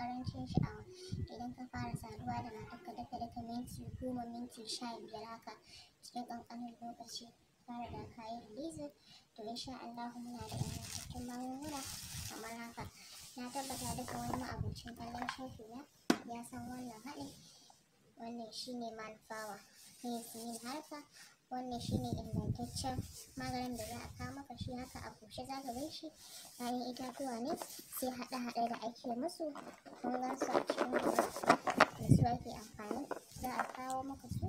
karancin sha'awa idan ka fara saduwa da matarka daka daka minti goma minti sha biyar haka cikin ƙanƙanin lokaci fara da kayan yi to insha Allah muna da cikin magunguna kamar haka na tabbata duka wani ma'abocin kallon shafi na ya san wannan haɗin wannan shine malfawa ne su yin harka wannan shine ingantaccen maganin da za a kawo maka shi haka a bushe za ka shi bayan itatuwa ne sai haɗe-haɗe da ake musu kun gan su a cikin ruwa da su ake amfani za a kawo maka su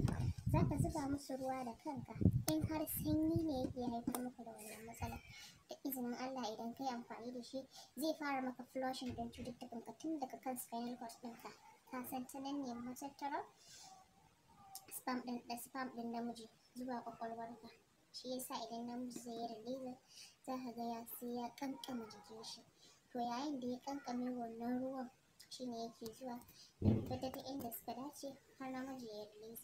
za ka zuba musu ruwa da kanka in har sanyi ne yake haifar maka da wannan matsala da izinin Allah idan ka yi amfani da shi zai fara maka flushing ɗin ka tun daga kan spinal cord ɗinka ka san ta nan ne da spam ɗin namiji zuwa kwakwalwarka shi yasa idan namiji zai yi releasing za ka ga ya sai ya kankama jikin shi to yayin da ya kankame wannan ruwan shi ne yake zuwa ya fita ta inda suka dace har namiji ya yi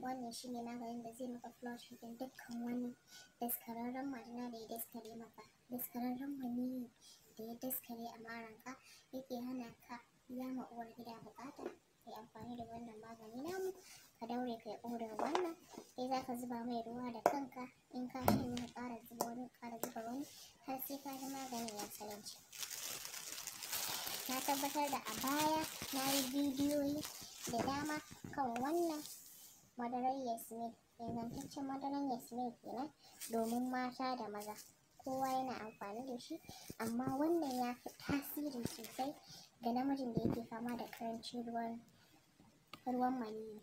wannan shi ne maganin da zai maka flush din dukkan wani daskararren majina da ya daskare maka daskararren maniyyi da ya daskare a maranka yake hana ka yama uwar gida bukata ya amfani da wannan magani namu ka daure kai yi odar wannan Sai eh, za ka zuba mai ruwa da kanka in ka shi ne ƙara zuba wani ƙara zuba wani har sai ka ji maganin ya salanci na tabbatar da a baya na yi bidiyoyi da dama kan wannan madarar yasmin ingantaccen madarar yasmin kenan domin mata da maza kowa yana amfani da shi amma wannan ya fi tasiri sosai ga namijin da yake fama da ƙarancin ruwan ruwan maniyyi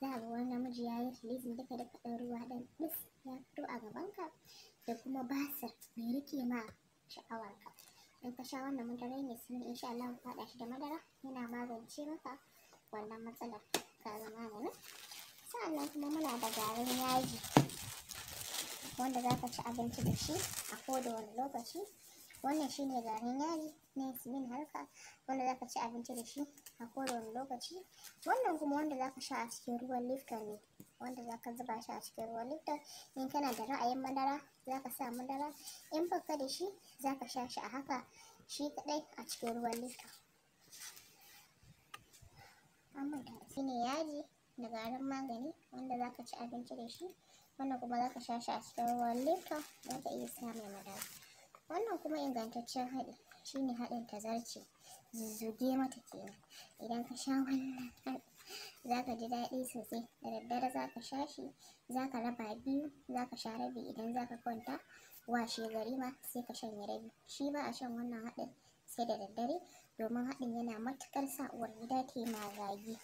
za a ga wani namiji ya yi releasing duka da ɗan ruwa ɗan ɗis ya fito a gaban ka, da kuma basa mai rike ma sha'awarka in ka sha wannan madarar ne sun sha Allah ka faɗa shi da madara yana magance maka wannan matsalar ka ga maganin sa'annan kuma muna da garin yaji wanda za ka ci abinci da shi a koda wani lokaci wannan shine garin yari na yasmin harka wanda zaka ci abinci da shi a kowane lokaci wannan kuma wanda zaka sha a cikin ruwan lifton ne wanda zaka zuba shi a cikin ruwan lifton in kana da ra'ayin madara zaka sa madara in baka da shi zaka sha shi a haka shi kadai a cikin ruwan lifton amma da shine yaji da garin magani wanda zaka ci abinci da shi wannan kuma zaka sha shi a cikin ruwan lifton zaka iya sa mai madara wannan kuma ingantaccen haɗi shi ne haɗin tazarce zuzzuge mata kenan idan ka sha wannan za ka ji daɗi sosai da daddare za ka sha shi za ka raba biyu za ka sha rabi idan za ka kwanta washe gari ma sai ka shanye rabi shi ba a shan wannan haɗin sai da daddare domin haɗin yana matuƙar sa uwar gida ta yi magagi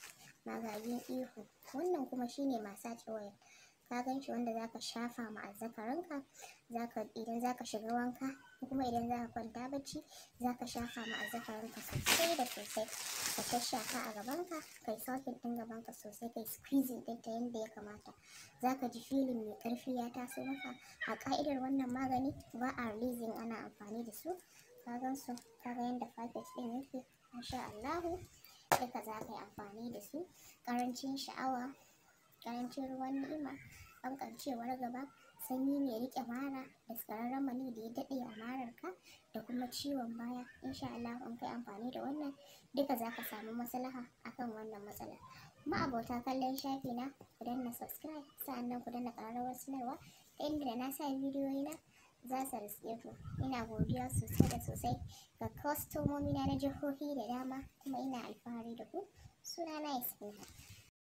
magagin ihu wannan kuma shine masa wayar ka gan shi wanda zaka shafa ma azzakarinka zaka idan zaka shiga wanka kuma idan zaka kwanta bacci zaka shafa ma azzakarinka sosai da sosai ka ka a gabanka kai sokin ɗin gabanka sosai kai squeezing ɗin ta yadda ya kamata zaka ji filin mai ƙarfi ya taso maka a ka'idar wannan magani ba a releasing ana amfani da su ka gan su ka ga yanda packet ɗin yake masha Allahu duka za ka yi amfani da su ƙarancin sha'awa karancin ruwan ni'ima ƙanƙancewar gaba sanyi ne rike mara da tsararren mani da ya daɗe a mararka da kuma ciwon baya insha Allah in kai amfani da wannan duka za ka samu maslaha akan wannan matsala ma'abota kallon shafi na ku danna subscribe sa'annan ku danna ƙararrawar sanarwa ta inda da na sa bidiyoyi na za su riske ku ina godiya sosai da sosai ga kwastomomi na na jihohi da dama kuma ina alfahari da ku suna na ismina